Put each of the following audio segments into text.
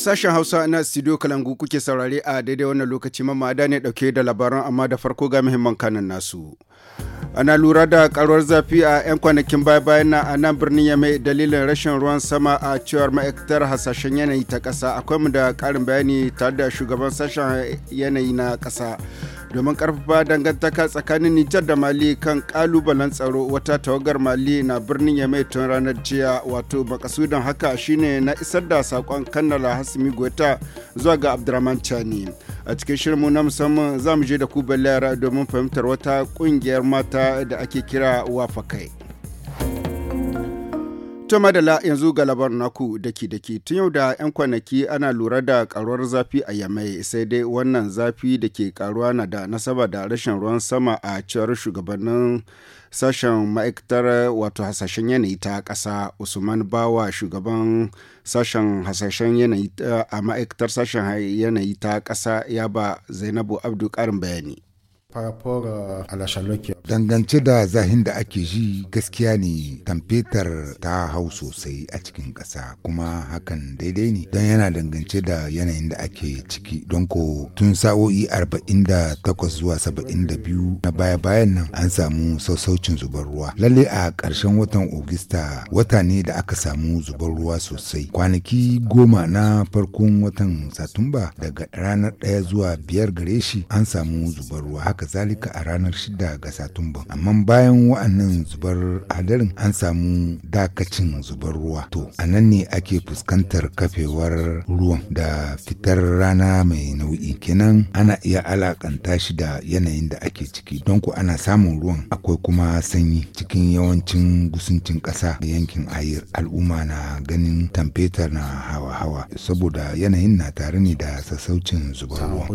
Sashen Hausa na studio Kalangu kuke saurare a daidai wannan lokaci da ne dauke da labaran amma da farko ga muhimman kanan nasu. ana lura da karuwar zafi a 'yan kwanakin baya-bayan na a nan birnin yame dalilin rashin ruwan sama a cewar ma'aikatar hasashen yanayi ta kasa akwai mu da karin bayani tare da shugaban sashen yanayi na ƙasa domin karfafa dangantaka tsakanin nijar da mali kan kalubalen tsaro wata tawagar mali na birnin yame tun ranar jiya wato makasudan haka shine na isar da saƙon kannala hasimi goita zuwa ga abdurrahman chani a cikin shirinmu na musamman za mu je da ku layara domin fahimtar wata ƙungiyar mata da ake kira wafakai. To madala yanzu ga labar naku daki daki tun yau da 'yan kwanaki ana lura da karuwar zafi a yamai sai dai wannan zafi da ke karuwa na da nasaba da rashin ruwan sama a cewar shugabannin sashen ma'aikatar wato hasashen yanayi ta ƙasa usman bawa shugaban sashen hasashen yanayi a ma'aikatar sashen yanayi ta ƙasa ya ba zainabu abdu ƙarin bayani Euh, dangance da zahin da ake ji gaskiya ne tamfetar ta hau sosai a cikin ƙasa kuma hakan daidai ne don yana dangance da yanayin da ake ciki don ko tun sa'o'i 48 zuwa 72 na baya-bayan nan an samu sassaucin zubar ruwa. Lalle a ƙarshen watan Ogista wata ne da aka samu zubar ruwa sosai. Kwanaki goma na farkon watan Satumba daga ranar 1 zuwa 5 gare shi an samu zubar ruwa. zalika a ranar 6 ga Satumba. Amma bayan wa'annan zubar hadarin an samu dakacin zubar ruwa. To, a nan ne ake fuskantar kafewar ruwan da fitar rana mai nau'i. Kenan ana iya alakanta shi da yanayin da ake ciki. Don ku ana samun ruwan akwai kuma sanyi cikin yawancin gusuncin ƙasa da yankin ayir al'umma na ganin tamfetar na hawa-hawa saboda yanayin na tare ne da sassaucin zubar ruwa.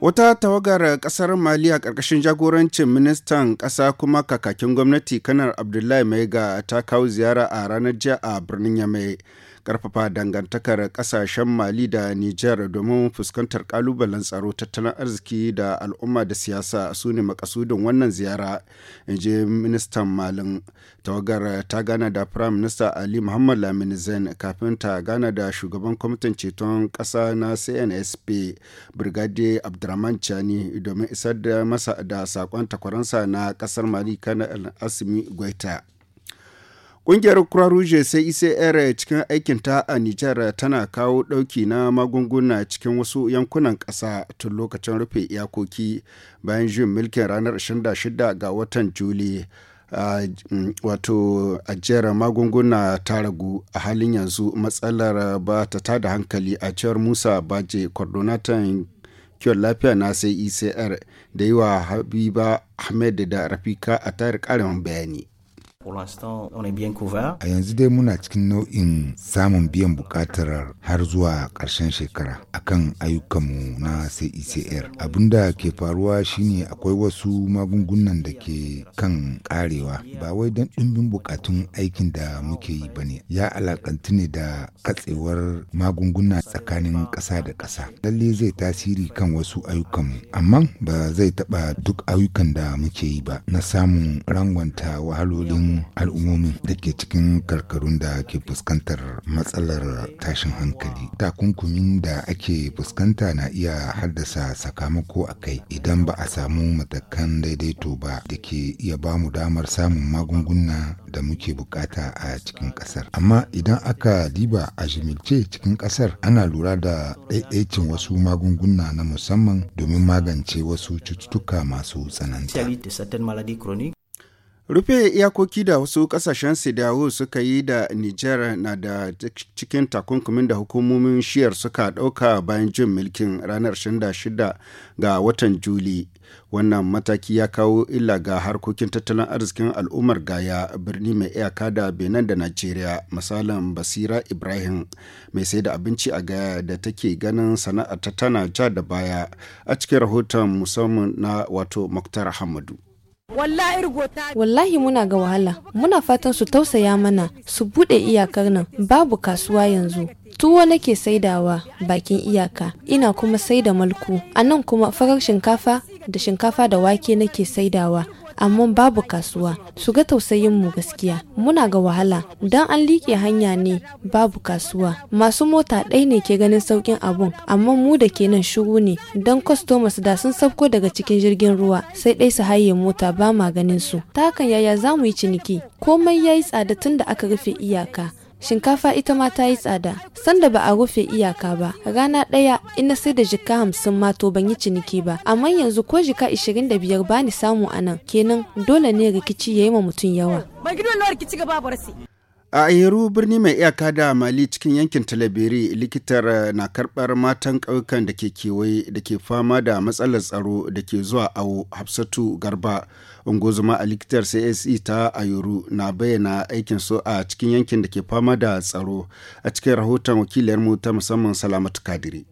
Wata tawagar kasar Mali a ƙarƙashin jagorancin ministan ƙasa kuma kakakin gwamnati kanar Abdullahi Maiga ta kawo ziyara a ranar jiya a birnin Yamai. karfafa dangantakar kasashen mali da niger domin fuskantar kalubalen tsaro tattalin arziki da al'umma da siyasa su ne makasudin wannan ziyara in je ministan malin tawagar ta gana da prime minister ali muhammad lamini zain kafin ta gana da shugaban kwamitin ceton kasa na cnsp brigadier abdurrahman chani domin isar da masa da sakon takwaransa na ƙasar mali kanar asimi gwaita Ƙungiyar Croix Rouge sai ere cikin aikinta a Nijar tana kawo ɗauki na magunguna cikin wasu yankunan ƙasa tun lokacin rufe iyakoki bayan jin mulkin ranar 26 ga watan Juli. Mm, wato ajiyar magunguna ta ragu a halin yanzu matsalar ba ta tada hankali a cewar musa baje coordinator kiwon lafiya na sai ecr da yi wa habiba ahmed da rafika a tayar karin bayani Pour l'instant, on est bien couvert. A yanzu dai muna cikin nau'in samun biyan buƙatar har zuwa ƙarshen shekara akan ayyukanmu na CICR. E Abin da ke faruwa shine akwai wasu magungunan da ke kan ƙarewa. ba wai don ɗimbin buƙatun aikin da muke yi ba ne. Ya alakantu ne da katsewar magunguna tsakanin ƙasa da ƙasa. Lalle zai tasiri kan wasu ayyukanmu, amma ba zai taɓa duk ayyukan da muke yi ba na samun rangwanta wahalolin al'umomi da ke cikin karkarun da ke fuskantar matsalar tashin hankali takunkumin da ake fuskanta na iya haddasa sakamako a kai idan ba a samu matakan daidaito ba da ke iya ba mu damar samun magunguna da muke bukata a cikin kasar amma idan aka diba a jimilce cikin kasar ana lura da ɗaiɗaicin wasu magunguna na musamman domin magance wasu cututtuka masu tsananta rufe iyakoki da wasu kasashen sidawo suka yi da niger na da cikin takunkumin da hukumomin shiyar suka ɗauka bayan jin mulkin ranar 26 ga watan juli wannan mataki ya kawo illa ga harkokin tattalin arzikin al'ummar gaya birni mai iyaka da benin da najeriya misalin basira ibrahim mai sai da abinci a gaya da take ganin sana'a ta tana ja da baya a cikin rahoton musamman na wato muktar hamadu Wallahi muna ga wahala, muna fatan su tausaya mana su buɗe iyakar nan babu kasuwa yanzu. Tuwo nake saidawa bakin iyaka, ina kuma saida malku, a nan kuma farar shinkafa da shinkafa da wake nake saidawa amma babu kasuwa su ga tausayin mu gaskiya muna ga wahala Don an liƙe hanya ne babu kasuwa masu mota ɗai ne ke ganin sauƙin abun amma mu da ke nan shiru ne don kwastomas da sun sauko daga cikin jirgin ruwa sai ɗai su haye mota ba ma ganin su ta hakan yaya za mu yi ciniki komai ya yi tsada tun da aka rufe iyaka shinkafa ita ma ta yi tsada sanda ba a rufe iyaka ba rana ɗaya ina sai da jika hamsin ma to ban yi ciniki ba amma yanzu ko jika ishirin da biyar bani samu a nan kenan dole ne rikici ya yi ma mutum yawa. a ayeru birni mai iyaka da mali cikin yankin talabiri likitar eh, na karbar matan ƙauyukan da ke kewaye da ke fama da matsalar tsaro da ke zuwa awo hafsatu garba ungozuma a likitar cse ta ayeru na bayyana aikin su a cikin yankin da ke fama da tsaro a cikin rahoton wakilarmu ta musamman salamatu kadiri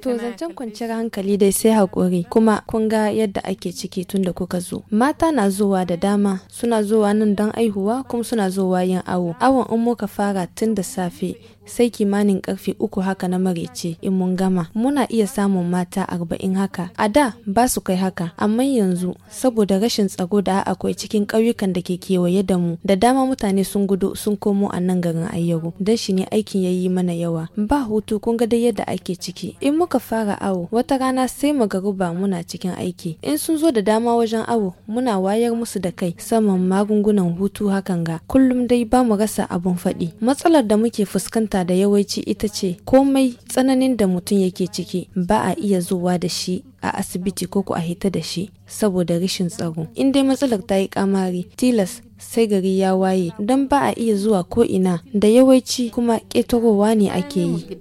To zancen kwanciyar hankali dai sai haƙuri kuma kun ga yadda ake ciki tun da kuka zo. Mata na zuwa da dama suna zuwa nan don aihuwa kuma suna zuwa yin awo. Awon in muka fara tun da safe sai kimanin karfe uku haka na marece in mun gama muna iya samun mata arba'in haka a da ba su kai haka amma yanzu saboda rashin tsaro da akwai cikin ƙauyukan da ke kewaye da mu da dama mutane sun gudu sun komo a nan garin ayyaru Dan shi ne aikin ya yi mana yawa ba hutu kun ga dai yadda ake ciki in muka fara awo wata rana sai mu muna cikin aiki in sun zo da dama wajen awo muna wayar musu da kai saman magungunan hutu hakan ga kullum dai ba mu rasa abun faɗi matsalar da muke fuskanta da yawanci ita ce komai tsananin da mutum yake ciki ba a iya zuwa da shi a asibiti ko ku a hita da shi saboda rashin tsaro in dai matsalar ta yi kamari tilas sai gari ya waye don ba a iya zuwa ko ina da yawanci kuma ketarowa ne ake yi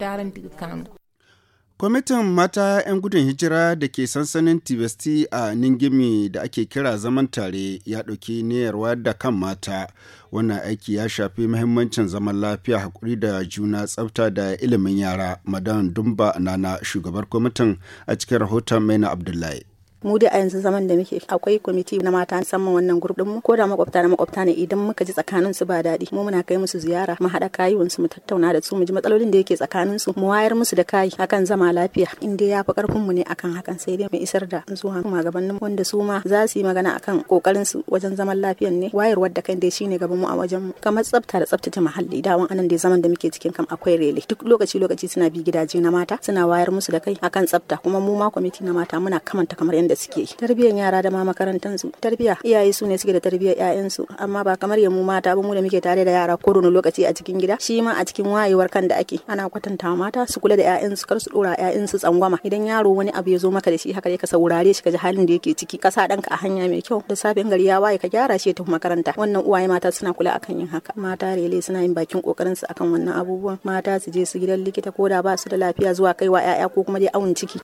Kwamitin Mata 'yan gudun hijira da ke sansanin Tibesti a Ningimi da ake kira zaman tare ya ɗauki niyyar da kan mata. Wannan aiki ya shafi mahimmancin zaman lafiya haƙuri da juna tsafta da ilimin yara. Madan Dumba Nana shugabar kwamitin a cikin rahoton Maina Abdullahi. mu dai a yanzu zaman da muke akwai kwamiti na mata musamman wannan gurbin mu ko da makwabta na makwabta ne idan muka ji tsakanin su ba daɗi mu muna kai musu ziyara mu haɗa kayuwan su mu tattauna da su mu ji matsalolin da yake tsakanin su mu wayar musu da kai akan zama lafiya in dai yafi karfin mu ne akan hakan sai dai mu isar da zuwa magabannin wanda su ma za su yi magana akan kokarin su wajen zaman lafiyan ne wayarwar da kai dai shine gaban mu a wajen mu kamar tsafta da tsaftace muhalli dawon anan dai zaman da muke cikin kam akwai rele duk lokaci lokaci suna bi gidaje na mata suna wayar musu da kai akan tsafta kuma mu ma kwamiti na mata muna kamanta kamar da suke yi tarbiyyar yara da ma makarantar su tarbiyya iyaye su ne suke da tarbiyyar ƴaƴansu amma ba kamar yamu mata ba mu da muke tare da yara ko da lokaci a cikin gida shi ma a cikin wayewar kan da ake ana kwatanta mata su kula da ƴaƴansu kar su dora ƴaƴansu tsangwama idan yaro wani abu ya zo maka da shi haka ka saurare shi ka ji halin da yake ciki ka sa ɗanka a hanya mai kyau da safin gari ya waye ka gyara shi ya tafi makaranta wannan uwaye mata suna kula akan yin haka mata rele suna yin bakin kokarin su akan wannan abubuwan mata su je su gidan likita ko da ba su da lafiya zuwa kaiwa 'ya'ya ko kuma dai awon ciki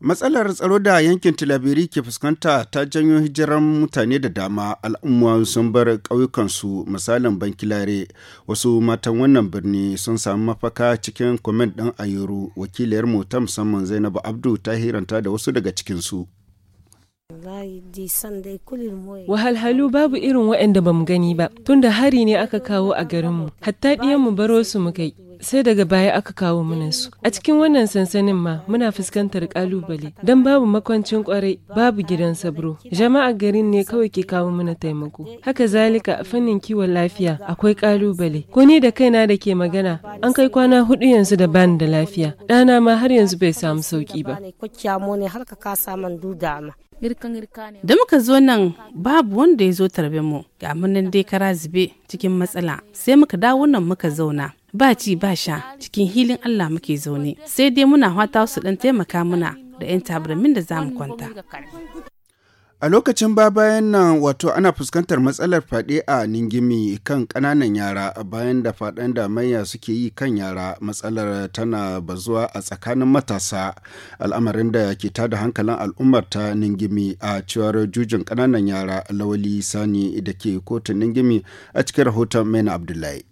matsalar tsaro da yankin tilabiri ke fuskanta ta janyo hijiran mutane da dama al'umma sun bar ƙauyukansu misalin bankilare wasu matan wannan birni sun samu mafaka cikin kwamen ɗin ayoro wakiliyar mu ta musamman zainabu abdu ta hiranta da wasu daga cikinsu Wahalhalu babu irin waɗanda bamu gani ba, tunda hari ne aka kawo a garinmu, hatta mu baro su mu kai. sai daga baya aka kawo mana su a cikin wannan sansanin ma muna fuskantar kalubale don babu makwancin kwarai babu gidan sabro jama'a garin ne kawai ke kawo mana taimako haka zalika a fannin kiwon lafiya akwai kalubale ko ni da kaina da ke magana an kai kwana hudu yanzu da bani da lafiya ɗana ma har yanzu bai samu sauki ba Da muka zo nan babu wanda ya zo tarbe mu, ga nan dai kara zube cikin matsala, sai muka dawo nan muka zauna. Ba ci ba sha cikin hilin Allah muke zaune, sai dai muna hwata su dan taimaka muna da 'yan tabarmin da za mu kwanta. A lokacin ba bayan nan wato ana fuskantar matsalar fyaɗe a Ningimi kan ƙananan yara bayan da faɗan da manya suke yi kan yara matsalar tana bazuwa a tsakanin matasa al'amarin da ke tada hankalin al'ummar ta Ningimi a cewar jujin ƙananan yara lawali sani da ke kotun Ningimi a cikin rahoton Maina Abdullahi.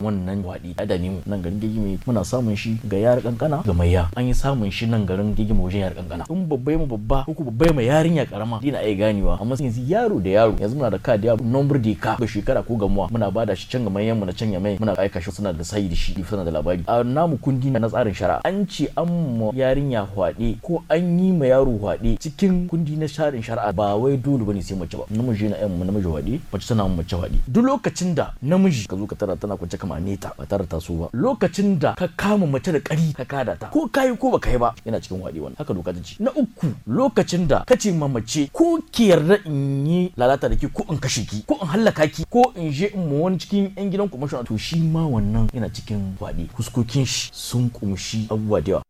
wannan waɗi adami nan garin gigime muna samun shi ga yar kankana ga maiya an yi samun shi nan garin gigime wajen yar kankana in babbai mu babba ko ku babbai ma yarinya karama dina ai ganewa amma yanzu yaro da yaro yanzu muna da kadi ya number de ka ga shekara ko ga muwa muna bada shi can ga mayan mu na can ya mai muna aika shi suna da sayi da shi suna da labari a namu kundi na tsarin shari'a an ce an mu. yarinya kwaɗe ko an yi ma yaro kwaɗe cikin kundi na tsarin shari'a ba wai dole bane sai mace ba namiji na yan mu namiji kwaɗe mace tana mace kwaɗe duk lokacin da namiji ka zo ka tana tana kwance mane ta ba tare ta so ba lokacin da ka kama mace da ƙari ka kada ta ko kayi ko baka yi ba yana cikin waɗi wannan haka doka ta ce na uku lokacin da ka ce ma mace ko ki yarda in yi lalata da ki ko in kashe ki ko in hallaka ki ko in je in mu wani cikin yan gidan ku to shi ma wannan yana cikin waɗi Kuskokin shi sun kumshi abubuwa da yawa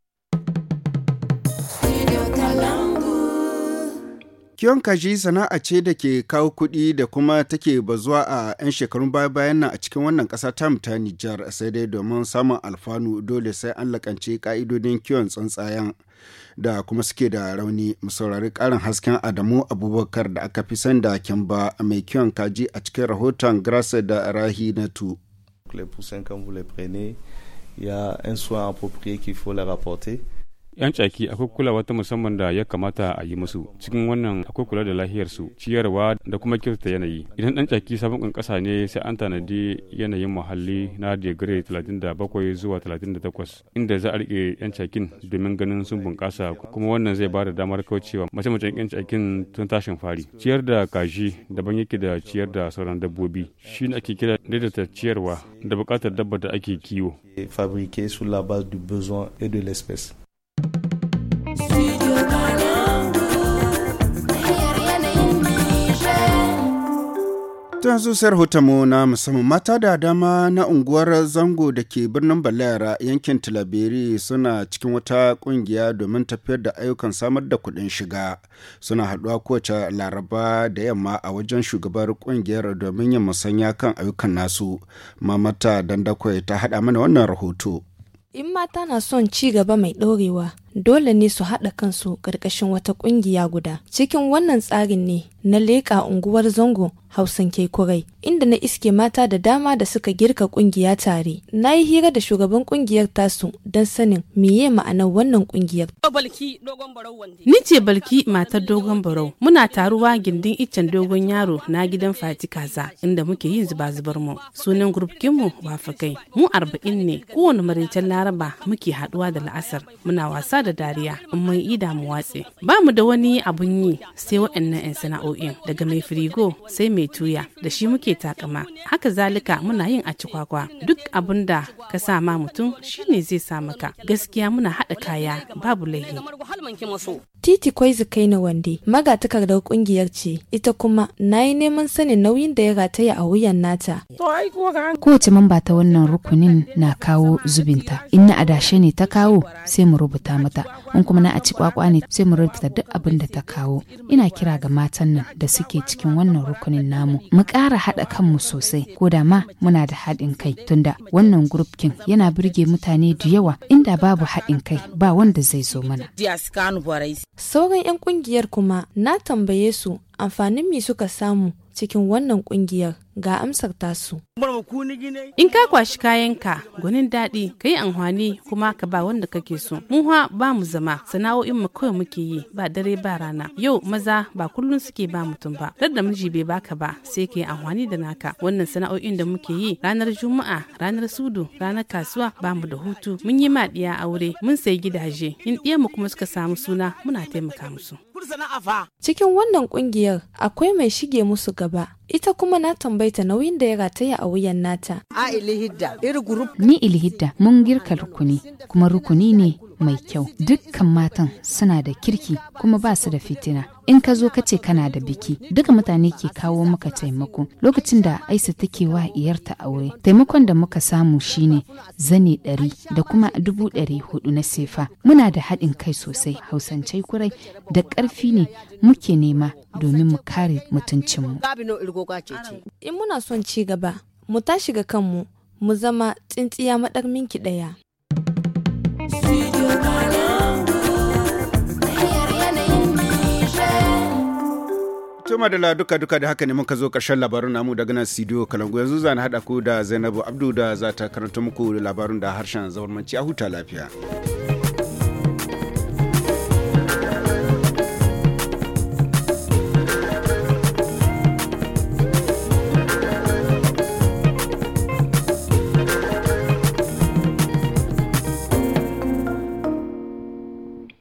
Kiwon kaji sana'a ce da ke kawo kuɗi da kuma take bazuwa a 'yan shekarun baya bayan nan a cikin wannan ƙasa ta ta Nijar sai dai domin samun alfanu dole sai an lakance ka'idodin kiwon tsuntsayen da kuma suke da rauni mu saurari ƙarin hasken Adamu Abubakar da aka fi san da Kimba mai kiyon kaji a cikin rahoton grasse da Rahinatu. Les poussins, quand vous les prenez, il y a un soin approprié qu'il faut les rapporter. 'yan caki akwai kula wata musamman da ya kamata a yi musu cikin wannan akwai kula da lahiyarsu ciyarwa da kuma kirta yanayi idan ɗan caki sabon ƙasa ne sai an tanadi yanayin muhalli na digiri 37 zuwa takwas inda za a rike 'yan cakin domin ganin sun bunkasa kuma wannan zai ba da damar kaucewa mace-macen 'yan cakin tun tashin fari ciyar da kaji daban yake da ciyar da sauran dabbobi shi ne ake kira daidaita ciyarwa da bukatar dabba da ake kiwo fabrique sur la base du besoin et de l'espèce ta su sayar mu na musamman mata da dama na unguwar zango da ke birnin Balayara yankin Tilaberi suna cikin wata kungiya domin tafiyar da ayyukan samar da kuɗin shiga. Suna haɗuwa kowace laraba da yamma a wajen shugabar kungiyar domin yin musanya kan ayyukan nasu. Mamata Dandakwai ta haɗa mana wannan rahoto. In mata na son ci gaba mai ɗorewa, dole ne su haɗa kansu ƙarƙashin wata ƙungiya guda. Cikin wannan tsarin ne na leƙa unguwar zango Hausan ke kurai, inda na iske mata da dama da suka girka ƙungiya tare. Na yi hira da shugaban ƙungiyar tasu don sanin miye ma'anar wannan ƙungiyar. Ni ce balki matar dogon barau, muna taruwa gindin iccen dogon yaro na gidan fati kaza inda muke yin zuba zubar mu. Sunan gurbkinmu wafakai, mu arba'in ne kowane marincin laraba muke haɗuwa da la'asar, muna wasa da dariya in mun yi mu watse ba mu da wani abun yi sai waɗannan 'yan sana'o'in daga mai firigo sai mai tuya da shi muke takama haka zalika muna yin a cikwakwa duk abun da ka sa ma mutum shine zai sa maka gaskiya muna haɗa kaya babu laifi Titi Kwaizu na Wande magatakardar kungiyar ce ita kuma na yi neman sanin nauyin da ya rataya a wuyan nata. Kowace mamba ta wannan rukunin na kawo zubinta in na adashe ne ta kawo sai mu rubuta mata in kuma na a ci kwakwa ne sai mu rubuta duk abin da ta kawo. Ina kira ga matan nan da suke cikin wannan rukunin namu mu kara haɗa kanmu sosai ko da ma muna da haɗin kai tunda wannan gurupkin yana birge mutane da yawa inda babu haɗin kai ba wanda zai zo mana. Sauran 'yan ƙungiyar kuma na tambaye su amfanin me suka samu cikin wannan ƙungiyar. ga amsar tasu. In ka kwashi kayanka gwanin daɗi ka yi amfani kuma ka ba wanda kake so. mun ba mu zama sana'o'in mu kawai muke yi ba dare ba rana. Yau maza ba kullum suke ba mutum ba. Dar da miji bai baka ba sai ka yi amfani da naka. Wannan sana'o'in da muke yi ranar Juma'a, ranar Sudu, ranar kasuwa ba mu da hutu. Mun yi ma ɗiya aure, mun sayi gidaje. In ɗiya mu kuma suka samu suna muna taimaka musu. Cikin wannan kungiyar akwai mai shige musu gaba ita kuma na tambaita nauyin da ya rataya a wuyan nata. A ilihidda, Ni ilihidda mun girka rukuni, kuma rukuni ne mai kyau. Dukkan matan suna da kirki kuma ba su da fitina. In ka zo ka ce kana da biki, duka mutane ke kawo maka taimako. Lokacin da Aisa take wa iyarta aure, taimakon da muka samu shine zane ɗari da kuma dubu ɗari hudu na sefa. Muna da haɗin kai sosai, hausancai kurai da ƙarfi ne muke nema domin mu kare mutuncinmu. In muna son ci gaba, mu tashi ga kanmu, mu zama tsintsiya maɗar minki ɗaya. Tuma da duka duka da haka ne muka zo karshen labarun namu daga nan sidiyo Kalangu yanzu zan haɗa ku da Zainabu Abdu da za ta karanta muku labarun da harshen zaurmanci a huta lafiya.